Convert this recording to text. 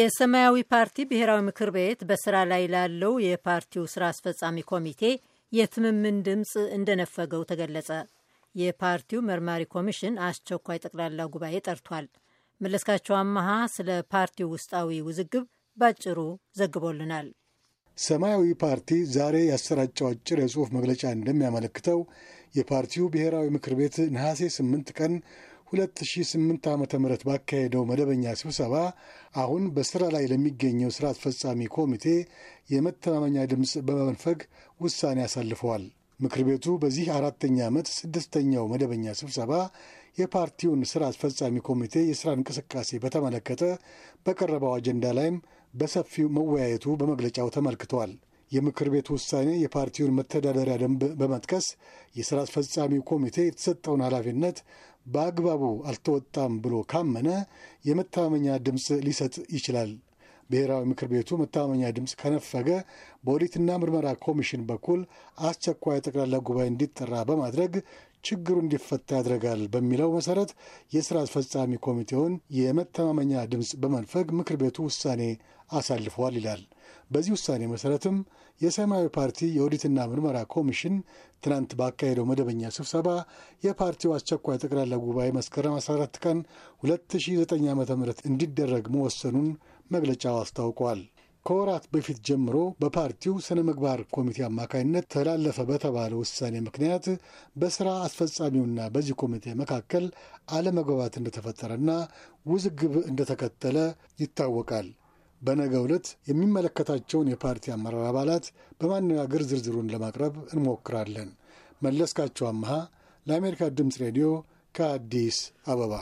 የሰማያዊ ፓርቲ ብሔራዊ ምክር ቤት በስራ ላይ ላለው የፓርቲው ስራ አስፈጻሚ ኮሚቴ የትምምን ድምፅ እንደነፈገው ተገለጸ። የፓርቲው መርማሪ ኮሚሽን አስቸኳይ ጠቅላላ ጉባኤ ጠርቷል። መለስካቸው አመሃ ስለ ፓርቲው ውስጣዊ ውዝግብ ባጭሩ ዘግቦልናል። ሰማያዊ ፓርቲ ዛሬ ያሰራጨው አጭር የጽሑፍ መግለጫ እንደሚያመለክተው የፓርቲው ብሔራዊ ምክር ቤት ነሐሴ 8 ቀን 2008 ዓ ም ባካሄደው መደበኛ ስብሰባ አሁን በሥራ ላይ ለሚገኘው ሥራ አስፈጻሚ ኮሚቴ የመተማመኛ ድምፅ በመንፈግ ውሳኔ አሳልፈዋል። ምክር ቤቱ በዚህ አራተኛ ዓመት ስድስተኛው መደበኛ ስብሰባ የፓርቲውን ሥራ አስፈጻሚ ኮሚቴ የሥራ እንቅስቃሴ በተመለከተ በቀረበው አጀንዳ ላይም በሰፊው መወያየቱ በመግለጫው ተመልክቷል። የምክር ቤት ውሳኔ የፓርቲውን መተዳደሪያ ደንብ በመጥቀስ የሥራ አስፈጻሚ ኮሚቴ የተሰጠውን ኃላፊነት በአግባቡ አልተወጣም ብሎ ካመነ የመታመኛ ድምፅ ሊሰጥ ይችላል። ብሔራዊ ምክር ቤቱ መተማመኛ ድምፅ ከነፈገ በኦዲትና ምርመራ ኮሚሽን በኩል አስቸኳይ ጠቅላላ ጉባኤ እንዲጠራ በማድረግ ችግሩ እንዲፈታ ያደርጋል በሚለው መሰረት የስራ አስፈጻሚ ኮሚቴውን የመተማመኛ ድምፅ በመንፈግ ምክር ቤቱ ውሳኔ አሳልፈዋል ይላል። በዚህ ውሳኔ መሰረትም የሰማያዊ ፓርቲ የኦዲትና ምርመራ ኮሚሽን ትናንት ባካሄደው መደበኛ ስብሰባ የፓርቲው አስቸኳይ ጠቅላላ ጉባኤ መስከረም 14 ቀን 2009 ዓ ም እንዲደረግ መወሰኑን መግለጫው አስታውቋል። ከወራት በፊት ጀምሮ በፓርቲው ስነ ምግባር ኮሚቴ አማካኝነት ተላለፈ በተባለ ውሳኔ ምክንያት በስራ አስፈጻሚውና በዚህ ኮሚቴ መካከል አለመግባባት እንደተፈጠረና ውዝግብ እንደተከተለ ይታወቃል። በነገ ዕለት የሚመለከታቸውን የፓርቲ አመራር አባላት በማነጋገር ዝርዝሩን ለማቅረብ እንሞክራለን። መለስካቸው አመሃ ለአሜሪካ ድምፅ ሬዲዮ ከአዲስ አበባ